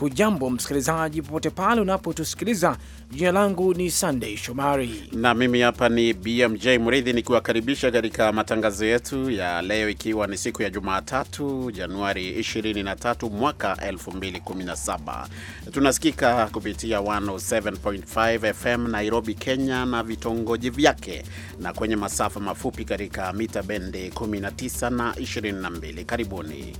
Hujambo msikilizaji, popote pale unapotusikiliza. Jina langu ni Sandey Shomari na mimi hapa ni BMJ Mridhi nikiwakaribisha katika matangazo yetu ya leo, ikiwa ni siku ya Jumatatu Januari 23 mwaka 2017. Tunasikika kupitia 107.5 FM Nairobi, Kenya na vitongoji vyake na kwenye masafa mafupi katika mita bendi 19 na 22. Karibuni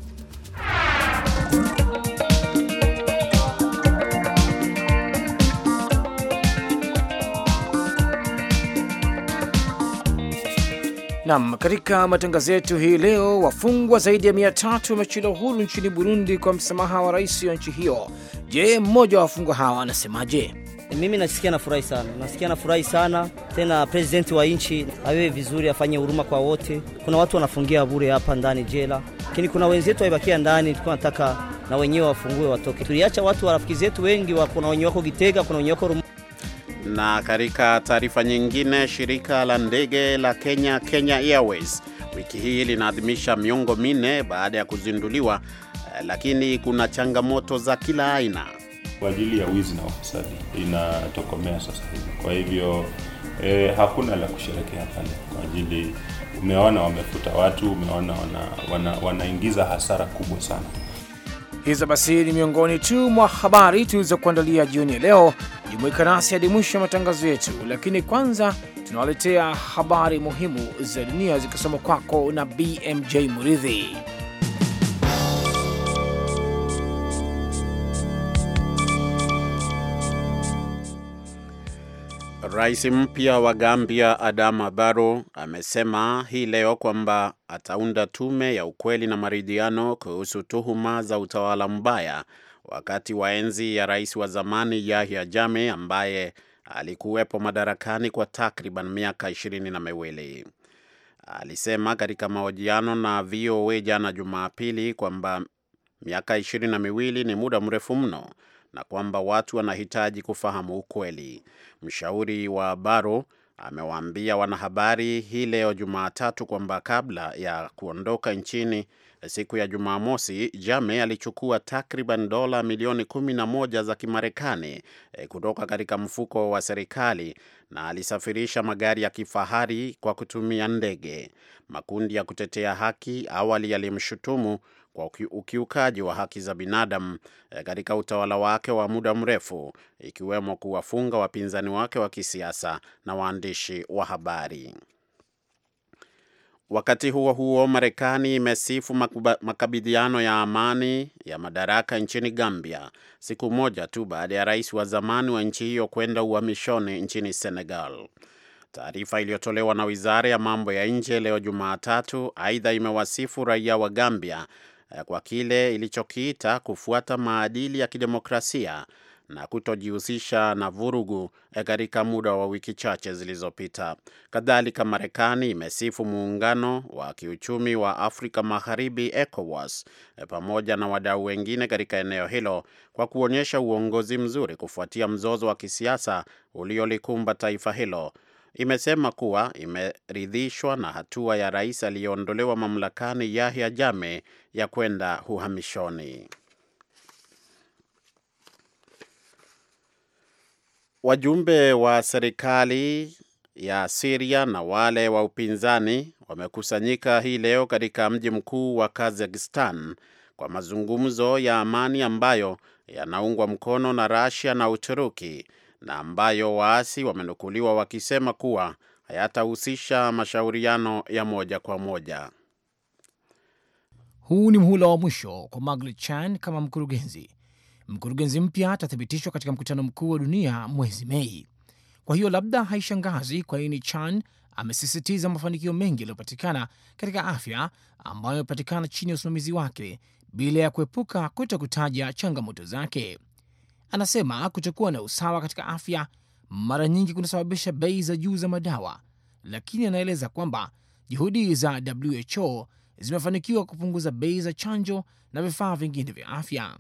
Nam, katika matangazo yetu hii leo, wafungwa zaidi ya mia tatu wameachiliwa uhuru nchini Burundi kwa msamaha wa rais wa nchi hiyo. Je, mmoja wa wafungwa hawa anasemaje? Mimi nasikia nafurahi sana, nasikia nafurahi sana tena. prezidenti wa nchi awewe vizuri, afanye huruma kwa wote. Kuna watu wanafungia bure hapa ndani jela, lakini kuna wenzetu waibakia ndani, tulikuwa nataka na wenyewe wafungue watoke. Tuliacha watu wa rafiki zetu wengi, kuna wenye wako Gitega, kuna wenye wako Rumu na katika taarifa nyingine, shirika la ndege la Kenya, Kenya Airways, wiki hii linaadhimisha miongo minne baada ya kuzinduliwa, eh, lakini kuna changamoto za kila aina kwa ajili ya wizi na ufisadi inatokomea sasa hivi. Kwa hivyo eh, hakuna la kusherekea pale kwa ajili umeona wamefuta watu, umeona wanaingiza wana, wana hasara kubwa sana. Hizo basi ni miongoni tu mwa habari kuandalia jioni ya leo. Jumuika nasi hadi mwisho ya matangazo yetu, lakini kwanza tunawaletea habari muhimu za dunia zikisoma kwako na BMJ Muridhi. Rais mpya wa Gambia Adama Barrow amesema hii leo kwamba ataunda tume ya ukweli na maridhiano kuhusu tuhuma za utawala mbaya wakati wa enzi ya rais wa zamani Yahya Jammeh ambaye alikuwepo madarakani kwa takriban miaka ishirini na miwili. Alisema katika mahojiano na VOA jana Jumapili kwamba miaka ishirini na miwili ni muda mrefu mno na kwamba watu wanahitaji kufahamu ukweli. Mshauri wa baro amewaambia wanahabari hii leo Jumatatu kwamba kabla ya kuondoka nchini siku ya Jumamosi, Jame alichukua takriban dola milioni kumi na moja za Kimarekani eh, kutoka katika mfuko wa serikali na alisafirisha magari ya kifahari kwa kutumia ndege. Makundi ya kutetea haki awali yalimshutumu kwa ukiukaji wa haki za binadamu eh, katika utawala wake wa muda mrefu, ikiwemo kuwafunga wapinzani wake wa kisiasa na waandishi wa habari. Wakati huo huo, Marekani imesifu makabidhiano ya amani ya madaraka nchini Gambia siku moja tu baada ya rais wa zamani wa nchi hiyo kwenda uhamishoni nchini Senegal. Taarifa iliyotolewa na wizara ya mambo ya nje leo Jumatatu aidha imewasifu raia wa Gambia Eh, kwa kile ilichokiita kufuata maadili ya kidemokrasia na kutojihusisha na vurugu eh, katika muda wa wiki chache zilizopita. Kadhalika, Marekani imesifu muungano wa kiuchumi wa Afrika Magharibi, ECOWAS, eh, pamoja na wadau wengine katika eneo hilo kwa kuonyesha uongozi mzuri kufuatia mzozo wa kisiasa uliolikumba taifa hilo imesema kuwa imeridhishwa na hatua ya rais aliyeondolewa mamlakani Yahya jame ya kwenda uhamishoni. Wajumbe wa serikali ya Siria na wale wa upinzani wamekusanyika hii leo katika mji mkuu wa Kazakhstan kwa mazungumzo ya amani ambayo yanaungwa mkono na Russia na Uturuki na ambayo waasi wamenukuliwa wakisema kuwa hayatahusisha mashauriano ya moja kwa moja. Huu ni mhula wa mwisho kwa Margaret Chan kama mkurugenzi. Mkurugenzi mpya atathibitishwa katika mkutano mkuu wa dunia mwezi Mei. Kwa hiyo labda haishangazi kwa nini Chan amesisitiza mafanikio mengi yaliyopatikana katika afya ambayo amepatikana chini ya usimamizi wake bila ya kuepuka kuto kutaja changamoto zake. Anasema kutokuwa na usawa katika afya mara nyingi kunasababisha bei za juu za madawa, lakini anaeleza kwamba juhudi za WHO zimefanikiwa kupunguza bei za chanjo na vifaa vingine vya afya.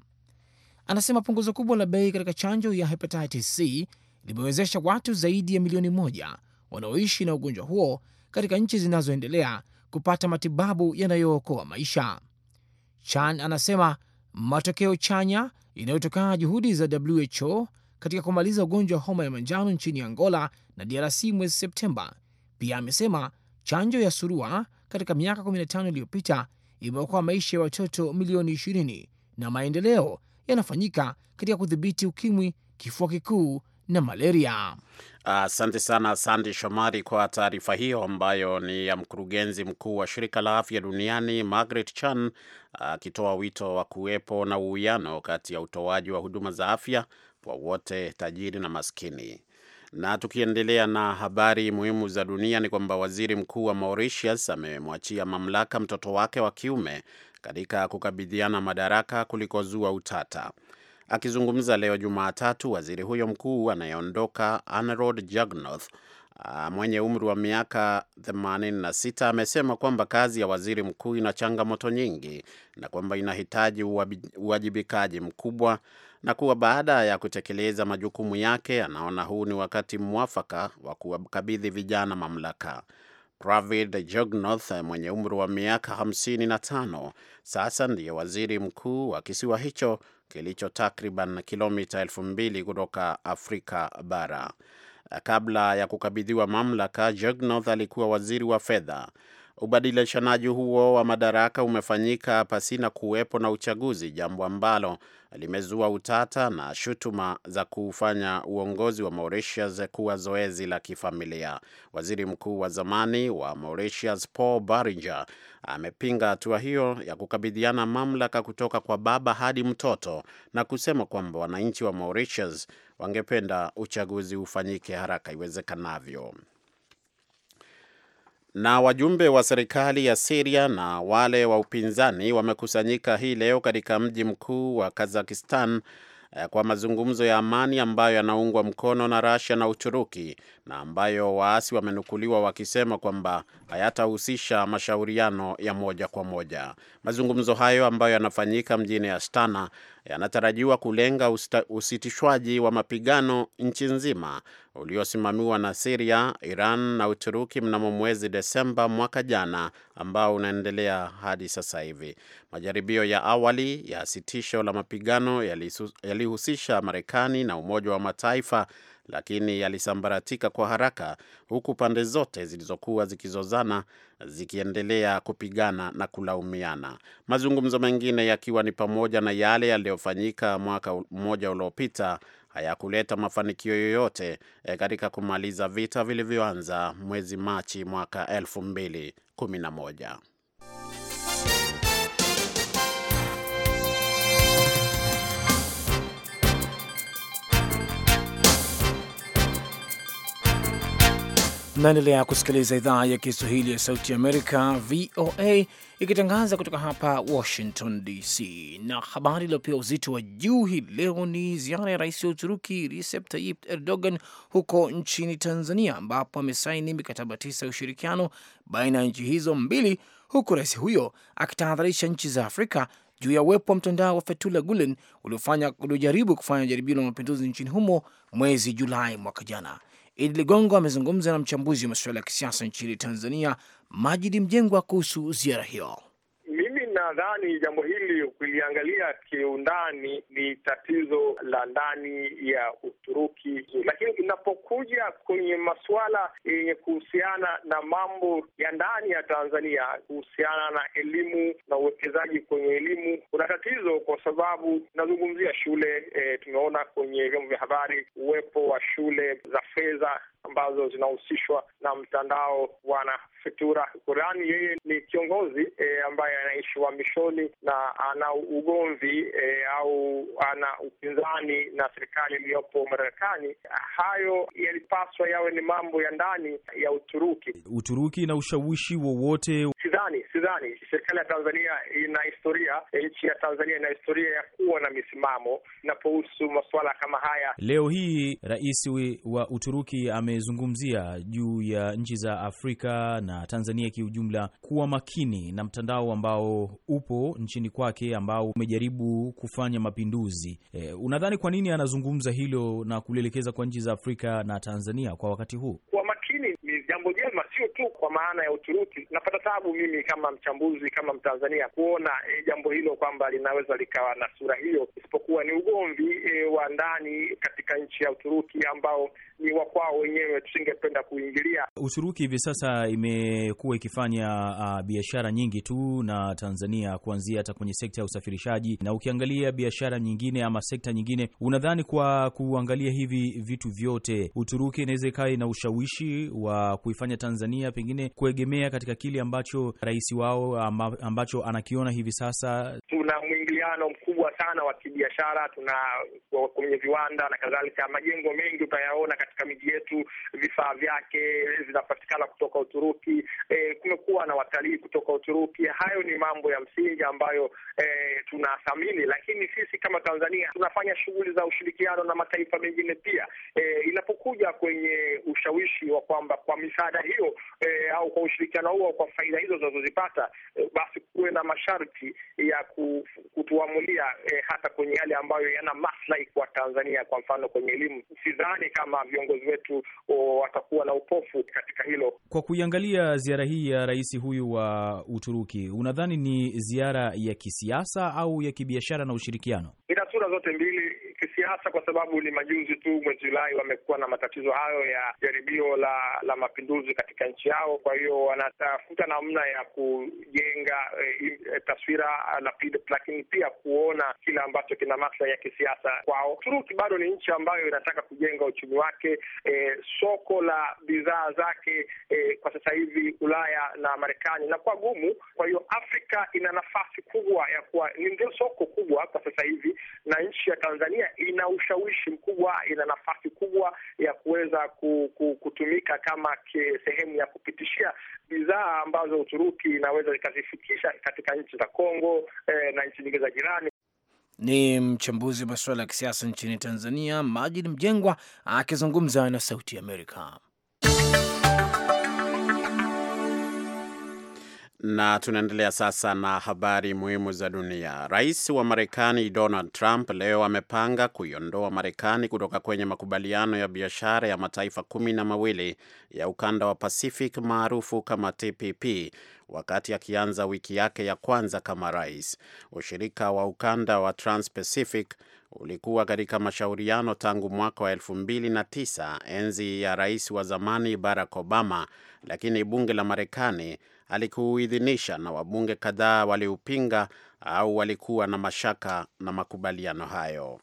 Anasema punguzo kubwa la bei katika chanjo ya hepatitis C limewezesha watu zaidi ya milioni moja wanaoishi na ugonjwa huo katika nchi zinazoendelea kupata matibabu yanayookoa maisha. Chan anasema matokeo chanya inayotokana na juhudi za WHO katika kumaliza ugonjwa wa homa ya manjano nchini Angola na DRC mwezi Septemba. Pia amesema chanjo ya surua katika miaka 15 iliyopita imeokoa maisha ya watoto milioni 20 na maendeleo yanafanyika katika kudhibiti ukimwi, kifua kikuu na malaria. Asante uh, sana Sandi Shomari kwa taarifa hiyo ambayo ni ya mkurugenzi mkuu wa shirika la afya duniani Margaret Chan akitoa uh, wito wa kuwepo na uwiano kati ya utoaji wa huduma za afya kwa wote, tajiri na maskini. Na tukiendelea na habari muhimu za dunia ni kwamba waziri mkuu wa Mauritius amemwachia mamlaka mtoto wake wa kiume katika kukabidhiana madaraka kulikozua utata. Akizungumza leo Jumatatu, waziri huyo mkuu anayeondoka Anrod jagnoth ah, mwenye umri wa miaka 86 amesema kwamba kazi ya waziri mkuu ina changamoto nyingi na kwamba inahitaji uwajibikaji mkubwa na kuwa baada ya kutekeleza majukumu yake anaona huu ni wakati mwafaka wa kuwakabidhi vijana mamlaka. Pravid Jugnauth mwenye umri wa miaka 55 sasa ndiye waziri mkuu wa kisiwa hicho kilicho takriban kilomita 2000 kutoka Afrika bara. Kabla ya kukabidhiwa mamlaka, Jugnauth alikuwa waziri wa fedha. Ubadilishanaji huo wa madaraka umefanyika pasina kuwepo na uchaguzi, jambo ambalo limezua utata na shutuma za kuufanya uongozi wa Mauritius kuwa zoezi la kifamilia. Waziri mkuu wa zamani wa Mauritius Paul Barringer amepinga hatua hiyo ya kukabidhiana mamlaka kutoka kwa baba hadi mtoto na kusema kwamba wananchi wa Mauritius wangependa uchaguzi ufanyike haraka iwezekanavyo. Na wajumbe wa serikali ya Siria na wale wa upinzani wamekusanyika hii leo katika mji mkuu wa Kazakistan eh, kwa mazungumzo ya amani ambayo yanaungwa mkono na Russia na Uturuki na ambayo waasi wamenukuliwa wakisema kwamba hayatahusisha mashauriano ya moja kwa moja. Mazungumzo hayo ambayo yanafanyika mjini Astana yanatarajiwa kulenga usta, usitishwaji wa mapigano nchi nzima uliosimamiwa na Siria, Iran na Uturuki mnamo mwezi Desemba mwaka jana ambao unaendelea hadi sasa hivi. Majaribio ya awali ya sitisho la mapigano yalihusisha Marekani na Umoja wa Mataifa lakini yalisambaratika kwa haraka, huku pande zote zilizokuwa zikizozana zikiendelea kupigana na kulaumiana, mazungumzo mengine yakiwa ni pamoja na yale yaliyofanyika mwaka mmoja uliopita hayakuleta mafanikio yoyote eh, katika kumaliza vita vilivyoanza mwezi Machi mwaka 2011. naendelea kusikiliza idhaa ya Kiswahili ya Sauti Amerika, VOA, ikitangaza kutoka hapa Washington DC. Na habari iliyopewa uzito wa juu hii leo ni ziara ya rais wa Uturuki Recep Tayyip Erdogan huko nchini Tanzania, ambapo amesaini mikataba tisa ya ushirikiano baina ya nchi hizo mbili, huku rais huyo akitahadharisha nchi za Afrika juu ya uwepo wa mtandao wa Fethullah Gulen uliojaribu kufanya jaribio la mapinduzi nchini humo mwezi Julai mwaka jana. Idi Ligongo amezungumza na mchambuzi wa masuala ya kisiasa nchini Tanzania, Majidi Mjengwa, kuhusu ziara hiyo. Mimi nadhani jambo hili kuliangalia kiundani ni tatizo la ndani ya Uturuki, lakini inapokuja kwenye masuala yenye kuhusiana na mambo ya ndani ya Tanzania kuhusiana na elimu na uwekezaji kwenye elimu, kuna tatizo kwa sababu inazungumzia shule e, tumeona kwenye vyombo vya habari uwepo wa shule za fedha ambazo zinahusishwa na mtandao Bwana Fitura Kurani. Yeye ni kiongozi e, ambaye anaishi uhamishoni na ana ugomvi e, au ana upinzani na serikali iliyopo Marekani. Hayo yalipaswa yawe ni mambo ya ndani ya Uturuki. Uturuki na ushawishi wowote Sidhani, sidhani serikali ya Tanzania ina historia, e, nchi ya Tanzania ina historia ya kuwa na misimamo inapohusu masuala kama haya. Leo hii rais wa Uturuki am amezungumzia juu ya nchi za Afrika na Tanzania kiujumla kuwa makini na mtandao ambao upo nchini kwake ambao umejaribu kufanya mapinduzi. E, unadhani kwa nini anazungumza hilo na kulielekeza kwa nchi za Afrika na Tanzania kwa wakati huu? Kwa makini ni sio tu kwa maana ya Uturuki. Napata tabu mimi kama mchambuzi, kama Mtanzania kuona e, jambo hilo kwamba linaweza likawa na sura hiyo, isipokuwa ni ugomvi e, wa ndani katika nchi ya Uturuki ambao ni wa kwao wenyewe, tusingependa kuingilia. Uturuki hivi sasa imekuwa ikifanya uh, biashara nyingi tu na Tanzania, kuanzia hata kwenye sekta ya usafirishaji, na ukiangalia biashara nyingine ama sekta nyingine, unadhani kwa kuangalia hivi vitu vyote Uturuki inaweza ikawa ina ushawishi wa kuifanya Tanzania Tanzania pengine kuegemea katika kile ambacho rais wao ambacho anakiona hivi sasa? Tuna mwingiliano mkubwa sana wa kibiashara, tuna kwenye viwanda na kadhalika. Majengo mengi utayaona katika miji yetu, vifaa vyake vinapatikana kutoka Uturuki. E, kumekuwa na watalii kutoka Uturuki. Hayo ni mambo ya msingi ambayo e, tunathamini, lakini sisi kama Tanzania tunafanya shughuli za ushirikiano na mataifa mengine pia. E, inapokuja kwenye ushawishi wa kwamba kwa misaada hiyo eh, au kwa ushirikiano huo, kwa faida hizo zinazozipata eh, basi kuwe na masharti ya kutuamulia eh, hata kwenye yale ambayo yana maslahi kwa Tanzania. Kwa mfano kwenye elimu, sidhani kama viongozi wetu oh, watakuwa na upofu katika hilo. Kwa kuiangalia ziara hii ya rais huyu wa Uturuki, unadhani ni ziara ya kisiasa au ya kibiashara na ushirikiano? Ina sura zote mbili hasa kwa sababu ni majuzi tu mwezi Julai wamekuwa na matatizo hayo ya jaribio la la mapinduzi katika nchi yao. Kwa hiyo wanatafuta namna ya kujenga e, taswira na lakini pia kuona kile ambacho kina maslahi ya kisiasa kwao. Uturuki bado ni nchi ambayo inataka kujenga uchumi wake. E, soko la bidhaa zake e, kwa sasa hivi Ulaya na Marekani inakuwa gumu. Kwa hiyo Afrika ina nafasi kubwa ya kuwa ni ndio soko kubwa kwa sasa hivi, na nchi ya Tanzania in ina ushawishi mkubwa, ina nafasi kubwa ya kuweza kutumika kama sehemu ya kupitishia bidhaa ambazo Uturuki inaweza ikazifikisha katika nchi za Kongo eh, na nchi nyingine za jirani. Ni mchambuzi wa masuala ya kisiasa nchini Tanzania, Majid Mjengwa akizungumza na Sauti ya Amerika. Na tunaendelea sasa na habari muhimu za dunia. Rais wa Marekani Donald Trump leo amepanga kuiondoa Marekani kutoka kwenye makubaliano ya biashara ya mataifa kumi na mawili ya ukanda wa Pacific maarufu kama TPP wakati akianza ya wiki yake ya kwanza kama rais. Ushirika wa ukanda wa Transpacific ulikuwa katika mashauriano tangu mwaka wa 2009 enzi ya rais wa zamani Barack Obama, lakini bunge la Marekani alikuidhinisha na wabunge kadhaa waliupinga au walikuwa na mashaka na makubaliano hayo.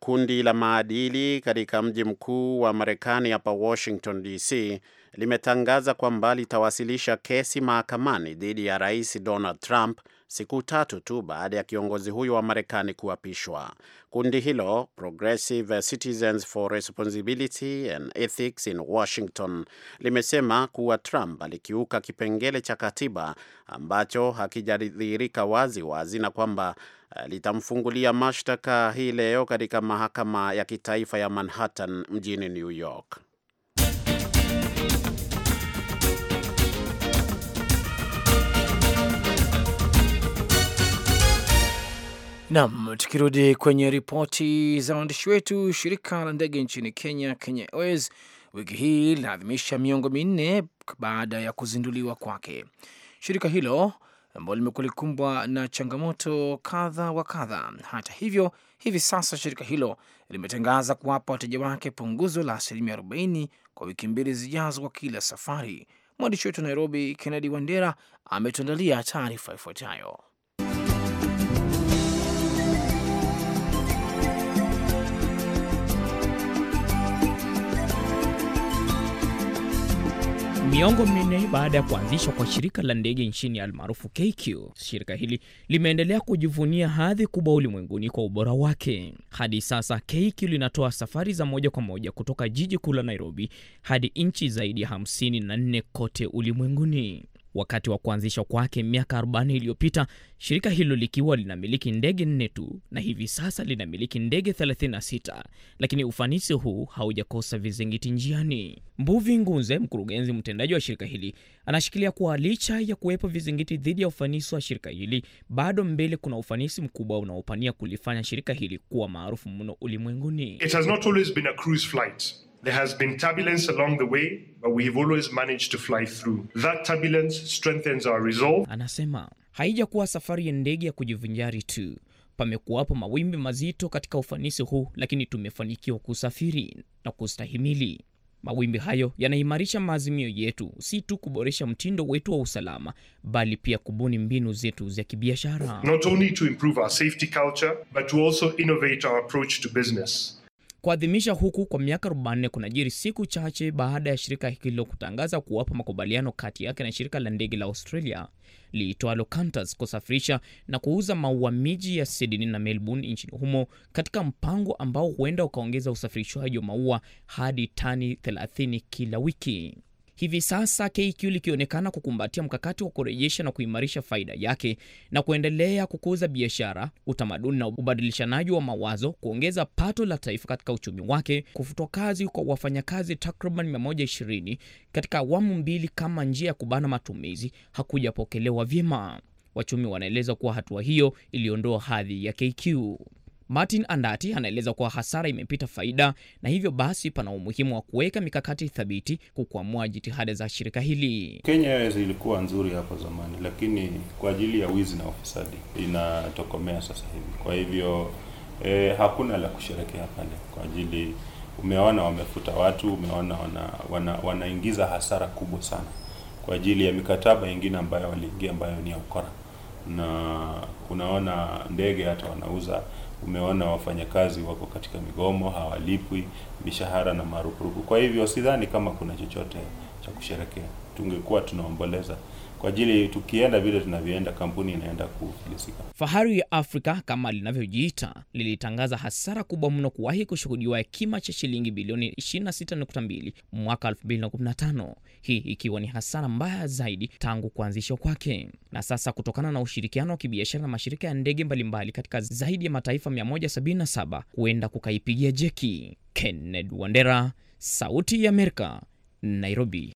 Kundi la maadili katika mji mkuu wa Marekani hapa Washington DC limetangaza kwamba litawasilisha kesi mahakamani dhidi ya Rais Donald Trump siku tatu tu baada ya kiongozi huyo wa Marekani kuapishwa. Kundi hilo Progressive Citizens for Responsibility and Ethics in Washington limesema kuwa Trump alikiuka kipengele cha katiba ambacho hakijadhihirika wazi wazi na kwamba eh, litamfungulia mashtaka hii leo katika mahakama ya kitaifa ya Manhattan mjini New York. Nam, tukirudi kwenye ripoti za waandishi wetu, shirika la ndege nchini Kenya, Kenya Airways, wiki hii linaadhimisha miongo minne baada ya kuzinduliwa kwake. Shirika hilo ambalo limekuwa likumbwa na changamoto kadha wa kadha. Hata hivyo, hivi sasa shirika hilo limetangaza kuwapa wateja wake punguzo la asilimia 40 kwa wiki mbili zijazo kwa kila safari. Mwandishi wetu Nairobi, Kennedy Wandera, ametuandalia taarifa ifuatayo. Miongo minne baada ya kuanzishwa kwa shirika la ndege nchini almaarufu KQ, shirika hili limeendelea kujivunia hadhi kubwa ulimwenguni kwa ubora wake. Hadi sasa KQ linatoa safari za moja kwa moja kutoka jiji kuu la Nairobi hadi nchi zaidi ya 54 kote ulimwenguni wakati wa kuanzishwa kwake miaka 40 iliyopita, shirika hilo likiwa linamiliki ndege nne tu na hivi sasa linamiliki ndege 36, lakini ufanisi huu haujakosa vizingiti njiani. Mbuvi Ngunze, mkurugenzi mtendaji wa shirika hili, anashikilia kuwa licha ya kuwepo vizingiti dhidi ya ufanisi wa shirika hili, bado mbele kuna ufanisi mkubwa unaopania kulifanya shirika hili kuwa maarufu mno ulimwenguni. It has not There has been turbulence along the way, but we've always managed to fly through. That turbulence strengthens our resolve. Anasema haijakuwa safari ya ndege ya kujivinjari tu, pamekuwapo mawimbi mazito katika ufanisi huu, lakini tumefanikiwa kusafiri na kustahimili. Mawimbi hayo yanaimarisha maazimio yetu, si tu kuboresha mtindo wetu wa usalama, bali pia kubuni mbinu zetu za kibiashara. Not only to improve our safety culture, but to also innovate our approach to business. Kuadhimisha huku kwa miaka 40 kunajiri siku chache baada ya shirika hilo kutangaza kuwapa makubaliano kati yake na shirika la ndege la Australia liitwalo Qantas kusafirisha na kuuza maua miji ya Sydney na Melbourne nchini humo katika mpango ambao huenda ukaongeza usafirishaji wa maua hadi tani 30 kila wiki. Hivi sasa KQ likionekana kukumbatia mkakati wa kurejesha na kuimarisha faida yake na kuendelea kukuza biashara, utamaduni na ubadilishanaji wa mawazo, kuongeza pato la taifa katika uchumi wake, kufutwa kazi kwa wafanyakazi takriban 120 katika awamu mbili kama njia ya kubana matumizi hakujapokelewa vyema. Wachumi wanaeleza kuwa hatua hiyo iliondoa hadhi ya KQ. Martin Andati anaeleza kuwa hasara imepita faida na hivyo basi pana umuhimu wa kuweka mikakati thabiti kukwamua jitihada za shirika hili. Kenya ilikuwa nzuri hapo zamani, lakini kwa ajili ya wizi na ufisadi inatokomea sasa hivi. Kwa hivyo eh, hakuna la kusherekea pale kwa ajili umeona wamefuta watu, umeona wana, wanaingiza wana hasara kubwa sana kwa ajili ya mikataba ingine ambayo waliingia ambayo ni ya ukora, na unaona ndege hata wanauza umeona wafanyakazi wako katika migomo, hawalipwi mishahara na marupurupu. Kwa hivyo sidhani kama kuna chochote cha kusherekea tungekuwa tunaomboleza kwa ajili tukienda vile tunavyoenda kampuni inaenda kufilisika. Fahari ya Afrika kama linavyojiita lilitangaza hasara kubwa mno kuwahi kushuhudiwa ya kima cha shilingi bilioni 26.2 mwaka 215 hii ikiwa ni hasara mbaya zaidi tangu kuanzishwa kwake. Na sasa kutokana na ushirikiano wa kibiashara na mashirika ya ndege mbalimbali katika zaidi ya mataifa 177 huenda kukaipigia jeki. kenned Wandera, Sauti ya Amerika, Nairobi.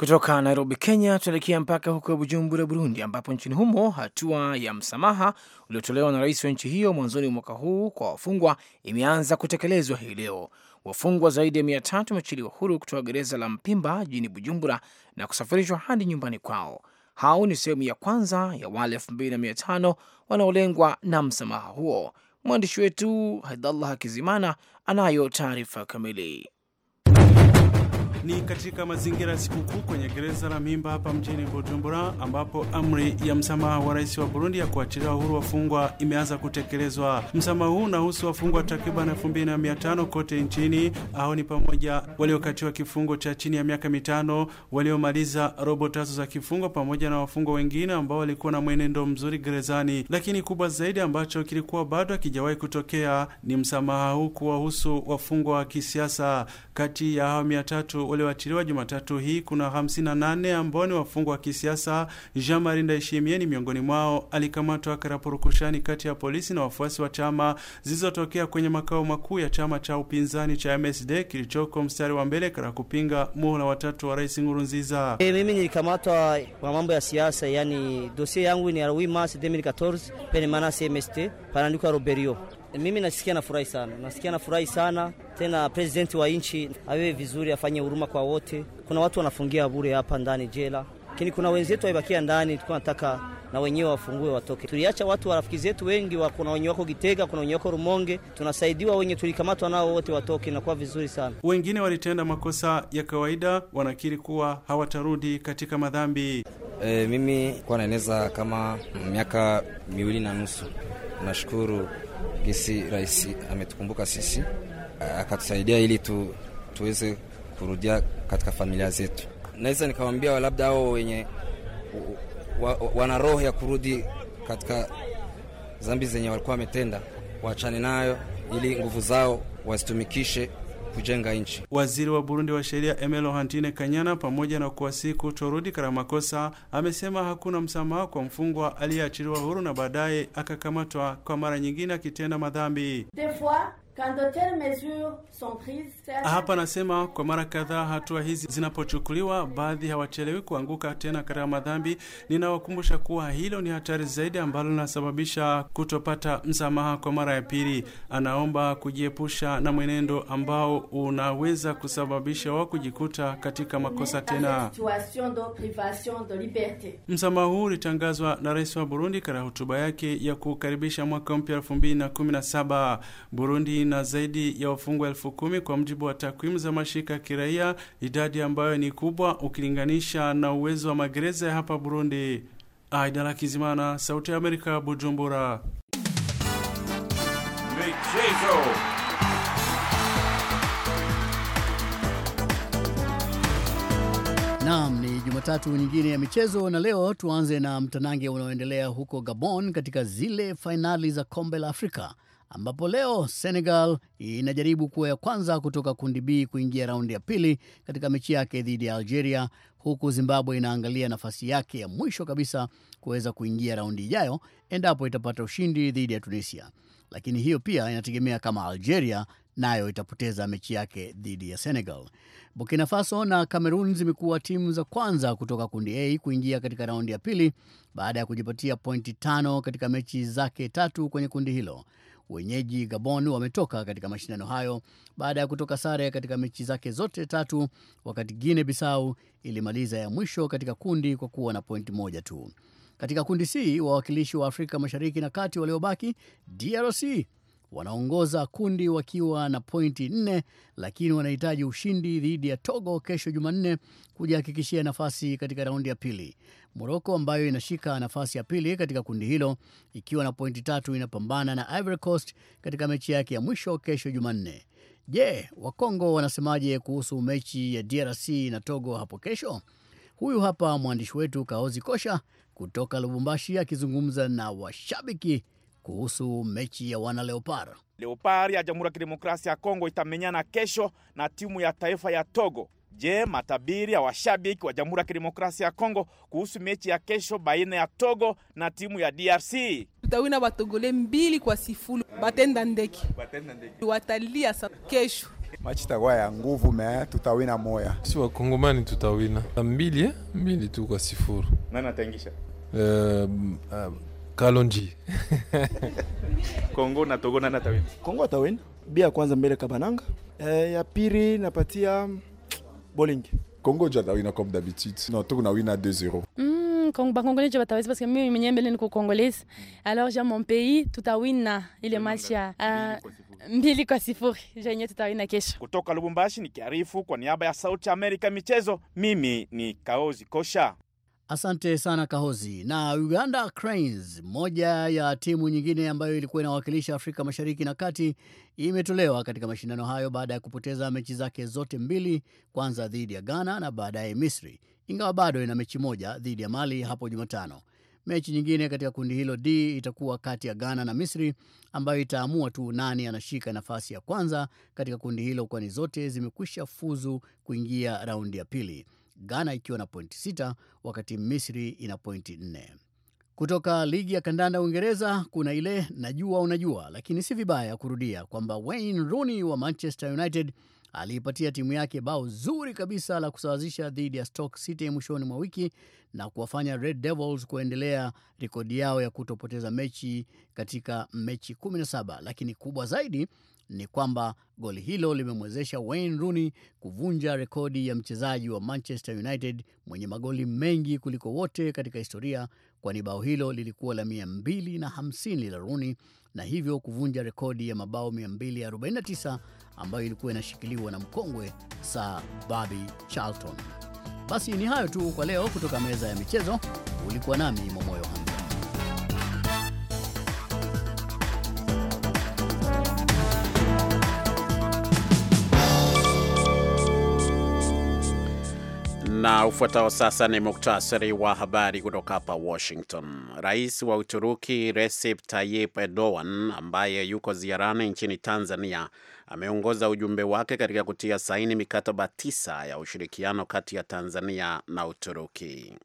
Kutoka Nairobi, Kenya, tunaelekea mpaka huko Bujumbura, Burundi, ambapo nchini humo hatua ya msamaha uliotolewa na rais wa nchi hiyo mwanzoni mwa mwaka huu kwa wafungwa imeanza kutekelezwa hii leo. Wafungwa zaidi ya mia tatu wameachiliwa huru kutoka gereza la Mpimba jijini Bujumbura na kusafirishwa hadi nyumbani kwao. Hao ni sehemu ya kwanza ya wale elfu mbili na mia tano wanaolengwa na msamaha huo. Mwandishi wetu Haidallah Hakizimana anayo taarifa kamili. Ni katika mazingira ya sikukuu kwenye gereza la Mimba hapa mjini Bujumbura, ambapo amri ya msamaha wa rais wa Burundi ya kuachilia uhuru wafungwa imeanza kutekelezwa. Msamaha huu unahusu wafungwa takriban elfu mbili na mia tano kote nchini. Hao ni pamoja waliokatiwa kifungo cha chini ya miaka mitano, waliomaliza robo tatu za kifungo, pamoja na wafungwa wengine ambao walikuwa na mwenendo mzuri gerezani. Lakini kubwa zaidi ambacho kilikuwa bado hakijawahi kutokea ni msamaha huu kuwahusu wafungwa wa kisiasa. Kati ya hao mia tatu walioachiliwa Jumatatu hii kuna 58 ambao ni wafungwa wa kisiasa. Jean Marie Ndayishimiye ni miongoni mwao, alikamatwa karapurukushani kati ya polisi na wafuasi wa chama zilizotokea kwenye makao makuu ya chama cha upinzani cha MSD kilichoko mstari wa mbele kara kupinga muhula watatu wa Rais Nkurunziza. E, mimi nilikamatwa kwa mambo ya siasa, yani dosie yangu ni ya 8 mars 2014 MSD panandikwa Roberio mimi nasikia nafurahi sana, nasikia nafurahi sana tena. Presidenti wa nchi awe vizuri, afanye huruma kwa wote. Kuna watu wanafungia bure hapa ndani jela, lakini kuna wenzetu waibakia ndani, tulikuwa nataka na wenyewe wafungue watoke. Tuliacha watu wa rafiki zetu wengi, kuna wenye wako Gitega, kuna wenye wako Rumonge, tunasaidiwa wenye tulikamatwa nao wote watoke, inakuwa vizuri sana. Wengine walitenda makosa ya kawaida, wanakiri kuwa hawatarudi katika madhambi. E, mimi kwa naeneza kama miaka miwili na nusu, nashukuru gesi rais ametukumbuka sisi akatusaidia ili tu, tuweze kurudia katika familia zetu. Naweza nikawambia labda hao wenye wa, wa, wana roho ya kurudi katika zambi zenye walikuwa wametenda waachane nayo, ili nguvu zao wazitumikishe kujenga nchi. Waziri wa Burundi wa sheria Emelo Hantine Kanyana, pamoja na kuwasihi kutorudi katika makosa, amesema hakuna msamaha kwa mfungwa aliyeachiriwa huru na baadaye akakamatwa kwa mara nyingine akitenda madhambi Ah, hapa anasema kwa mara kadhaa hatua hizi zinapochukuliwa, baadhi hawachelewi kuanguka tena katika madhambi. Ninawakumbusha kuwa hilo ni hatari zaidi ambalo linasababisha kutopata msamaha kwa mara ya pili. Anaomba kujiepusha na mwenendo ambao unaweza kusababisha wao kujikuta katika makosa tena. Msamaha huu ulitangazwa na rais wa Burundi katika hotuba yake ya kukaribisha mwaka mpya 2017. Burundi ina zaidi ya wafungwa elfu kumi kwa mjibu wa takwimu za mashirika ya kiraia, idadi ambayo ni kubwa ukilinganisha na uwezo wa magereza ya hapa Burundi. Aidala Kizimana, Sauti ya Amerika, Bujumbura. Michezo. Naam, ni Jumatatu nyingine ya michezo na leo tuanze na mtanange unaoendelea huko Gabon katika zile fainali za kombe la Afrika ambapo leo Senegal inajaribu kuwa ya kwanza kutoka kundi B kuingia raundi ya pili katika mechi yake dhidi ya Algeria, huku Zimbabwe inaangalia nafasi yake ya mwisho kabisa kuweza kuingia raundi ijayo endapo itapata ushindi dhidi ya Tunisia. Lakini hiyo pia inategemea kama Algeria nayo itapoteza mechi yake dhidi ya Senegal. Burkina Faso na Cameroon zimekuwa timu za kwanza kutoka kundi A kuingia katika raundi ya pili baada ya kujipatia pointi tano katika mechi zake tatu kwenye kundi hilo. Wenyeji Gabon wametoka katika mashindano hayo baada ya kutoka sare katika mechi zake zote tatu, wakati Guinea Bissau ilimaliza ya mwisho katika kundi kwa kuwa na pointi moja tu. Katika kundi C, wawakilishi wa Afrika Mashariki na Kati waliobaki DRC wanaongoza kundi wakiwa na pointi nne, lakini wanahitaji ushindi dhidi ya Togo kesho Jumanne kujihakikishia nafasi katika raundi ya pili. Moroko ambayo inashika nafasi ya pili katika kundi hilo ikiwa na pointi tatu inapambana na Ivory Coast katika mechi yake ya mwisho kesho Jumanne. Je, Wakongo wanasemaje kuhusu mechi ya DRC na Togo hapo kesho? Huyu hapa mwandishi wetu Kaozi Kosha kutoka Lubumbashi akizungumza na washabiki kuhusu mechi ya wana leopar leopar ya Jamhuri ya Kidemokrasia ya Kongo itamenyana kesho na timu ya taifa ya Togo. Je, matabiri ya washabiki wa Jamhuri ya Kidemokrasia ya Kongo kuhusu mechi ya kesho baina ya Togo na timu ya DRC? Tutawina batogole mbili kwa sifulu, batenda ndeki, watalia sa kesho. Machi itakuwa ya nguvu me tutawina moya, si wakongomani tutawina mbili, eh? mbili tu kwa sifuru. Nani ataingisha? Uh, uh, Kalonji Kongo na Togo na natawin. Kongo atawin bia kwanza mbele Kabananga e, ya pili napatia mm, bowling Kongo jatawina comme d'habitude non Togo na wina 2-0 mm, Kongo bakongolezi bataweza parce que mimi mwenyewe mbele niko kongolezi alors ja mon pays tutawina ile match ya uh, mbili kwa sifuri jenye tutawina kesho. Kutoka Lubumbashi nikiarifu kwa niaba ya Sauti ya Amerika michezo, mimi ni Kaozi Kosha. Asante sana Kahozi. Na Uganda Cranes, moja ya timu nyingine ambayo ilikuwa inawakilisha Afrika Mashariki na Kati, imetolewa katika mashindano hayo baada ya kupoteza mechi zake zote mbili, kwanza dhidi ya Ghana na baadaye Misri, ingawa bado ina mechi moja dhidi ya Mali hapo Jumatano. Mechi nyingine katika kundi hilo D itakuwa kati ya Ghana na Misri ambayo itaamua tu nani anashika nafasi ya kwanza katika kundi hilo, kwani zote zimekwisha fuzu kuingia raundi ya pili. Ghana ikiwa na pointi sita wakati Misri ina pointi nne. Kutoka ligi ya kandanda Uingereza kuna ile najua unajua, lakini si vibaya kurudia kwamba Wayne Rooney wa Manchester United aliipatia timu yake bao zuri kabisa la kusawazisha dhidi ya Stoke City mwishoni mwa wiki na kuwafanya Red Devils kuendelea rekodi yao ya kutopoteza mechi katika mechi 17, lakini kubwa zaidi ni kwamba goli hilo limemwezesha Wayne Rooney kuvunja rekodi ya mchezaji wa Manchester United mwenye magoli mengi kuliko wote katika historia, kwani bao hilo lilikuwa la 250 la Rooney na hivyo kuvunja rekodi ya mabao 249 ambayo ilikuwa inashikiliwa na mkongwe Sir Bobby Charlton. Basi ni hayo tu kwa leo kutoka meza ya michezo. Ulikuwa nami Momoyo Hamza. Na ufuatao sasa ni muktasari wa habari kutoka hapa Washington. Rais wa Uturuki Recep Tayyip Erdogan, ambaye yuko ziarani nchini Tanzania, ameongoza ujumbe wake katika kutia saini mikataba tisa ya ushirikiano kati ya Tanzania na Uturuki.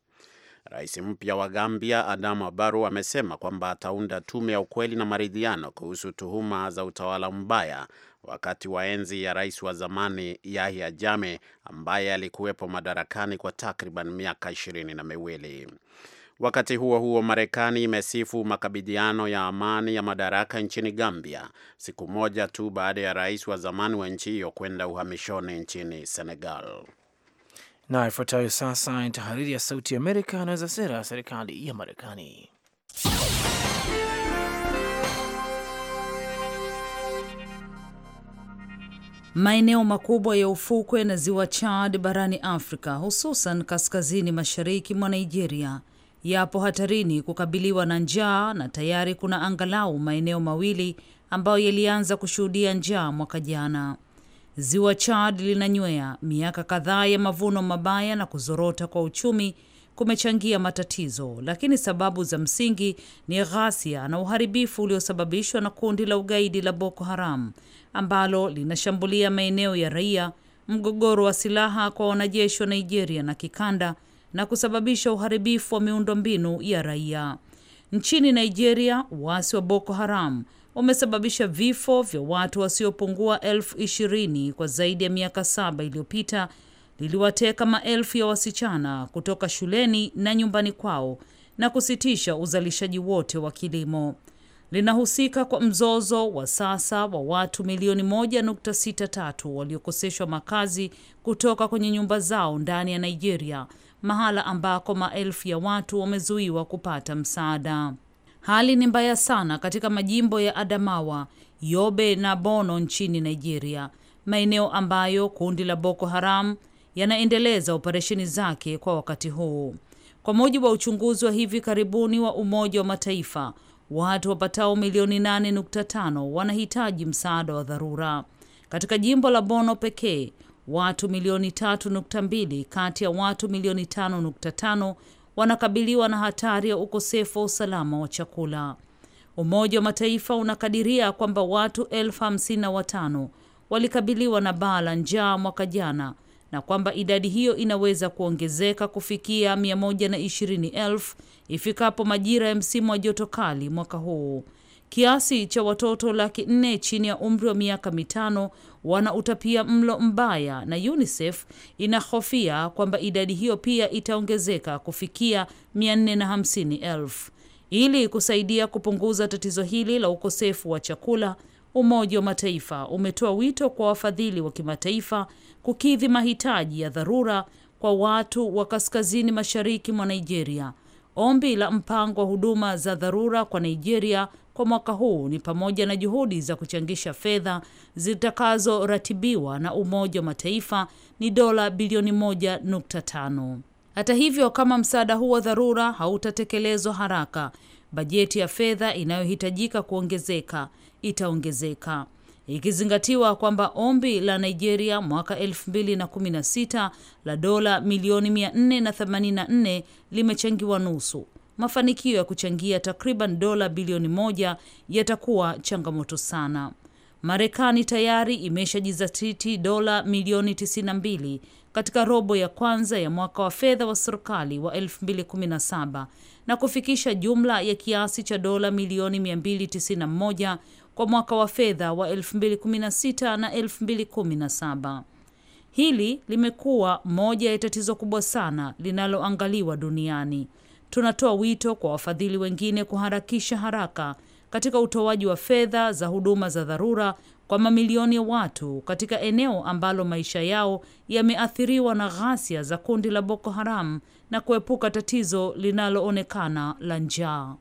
Rais mpya wa Gambia Adama Barrow amesema kwamba ataunda tume ya ukweli na maridhiano kuhusu tuhuma za utawala mbaya wakati wa enzi ya rais wa zamani Yahya jame ambaye alikuwepo madarakani kwa takriban miaka ishirini na miwili. Wakati huo huo, Marekani imesifu makabidhiano ya amani ya madaraka nchini Gambia siku moja tu baada ya rais wa zamani wa nchi hiyo kwenda uhamishoni nchini Senegal. Na ifuatayo sasa ni tahariri ya Sauti ya Amerika anaweza sera ya serikali ya Marekani. Maeneo makubwa ya ufukwe na ziwa Chad barani Afrika, hususan kaskazini mashariki mwa Nigeria, yapo hatarini kukabiliwa na njaa na tayari kuna angalau maeneo mawili ambayo yalianza kushuhudia njaa mwaka jana. Ziwa Chad linanywea miaka kadhaa ya mavuno mabaya na kuzorota kwa uchumi kumechangia matatizo, lakini sababu za msingi ni ghasia na uharibifu uliosababishwa na kundi la ugaidi la Boko Haram ambalo linashambulia maeneo ya raia, mgogoro wa silaha kwa wanajeshi wa Nigeria na kikanda na kusababisha uharibifu wa miundombinu ya raia. Nchini Nigeria, uasi wa Boko Haram umesababisha vifo vya watu wasiopungua elfu ishirini kwa zaidi ya miaka saba iliyopita. Liliwateka maelfu ya wasichana kutoka shuleni na nyumbani kwao na kusitisha uzalishaji wote wa kilimo linahusika kwa mzozo wa sasa wa watu milioni 1.63 waliokoseshwa makazi kutoka kwenye nyumba zao ndani ya Nigeria, mahala ambako maelfu ya watu wamezuiwa kupata msaada. Hali ni mbaya sana katika majimbo ya Adamawa, Yobe na Bono nchini Nigeria, maeneo ambayo kundi la Boko Haram yanaendeleza operesheni zake kwa wakati huu. Kwa mujibu wa uchunguzi wa hivi karibuni wa Umoja wa Mataifa, Watu wapatao milioni 8.5 wanahitaji msaada wa dharura. Katika jimbo la Bono pekee, watu milioni 3.2 kati ya watu milioni 5.5 wanakabiliwa na hatari ya ukosefu wa usalama wa chakula. Umoja wa Mataifa unakadiria kwamba watu elfu hamsini na watano walikabiliwa na baa la njaa mwaka jana na kwamba idadi hiyo inaweza kuongezeka kufikia 120,000 ifikapo majira ya msimu wa joto kali mwaka huu. Kiasi cha watoto laki nne chini ya umri wa miaka mitano wana utapia mlo mbaya, na UNICEF inahofia kwamba idadi hiyo pia itaongezeka kufikia 450,000. Ili kusaidia kupunguza tatizo hili la ukosefu wa chakula Umoja wa Mataifa umetoa wito kwa wafadhili wa kimataifa kukidhi mahitaji ya dharura kwa watu wa kaskazini mashariki mwa Nigeria. Ombi la mpango wa huduma za dharura kwa Nigeria kwa mwaka huu ni pamoja na juhudi za kuchangisha fedha zitakazoratibiwa na Umoja wa Mataifa ni dola bilioni 1.5. Hata hivyo, kama msaada huu wa dharura hautatekelezwa haraka, bajeti ya fedha inayohitajika kuongezeka itaongezeka ikizingatiwa kwamba ombi la Nigeria mwaka 216 la dola milioni 484 limechangiwa nusu. Mafanikio ya kuchangia takriban dola bilioni moja yatakuwa changamoto sana. Marekani tayari imeshajizatiti dola milioni 92 katika robo ya kwanza ya mwaka wa fedha wa serikali wa 217 na kufikisha jumla ya kiasi cha dola milioni 291 kwa mwaka wa fedha wa 2016 na 2017. Hili limekuwa moja ya tatizo kubwa sana linaloangaliwa duniani. Tunatoa wito kwa wafadhili wengine kuharakisha haraka katika utoaji wa fedha za huduma za dharura kwa mamilioni ya watu katika eneo ambalo maisha yao yameathiriwa na ghasia za kundi la Boko Haram na kuepuka tatizo linaloonekana la njaa.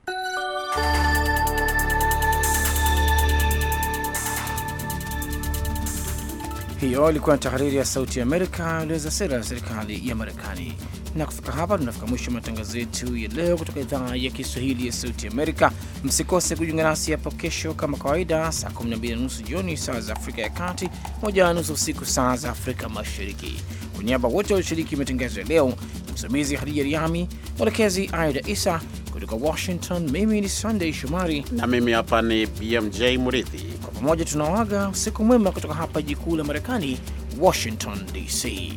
Hiyo ilikuwa ni tahariri ya Sauti ya Amerika iliweza sera ya serikali ya Marekani. Na kufika hapa, tunafika mwisho matangazo yetu ya leo kutoka idhaa ya Kiswahili ya Sauti Amerika. Msikose kujiunga nasi hapo kesho kama kawaida, saa 12 jioni saa za Afrika ya Kati, moja nusu usiku saa za Afrika Mashariki. Kwa niaba wote walioshiriki matangazo ya leo, msimamizi Hadija Riami, mwelekezi Aida Isa kutoka Washington. Mimi ni Sunday Shomari na mimi hapa ni BMJ Murithi. Kwa pamoja tunawaga usiku mwema kutoka hapa jikuu la Marekani, Washington DC.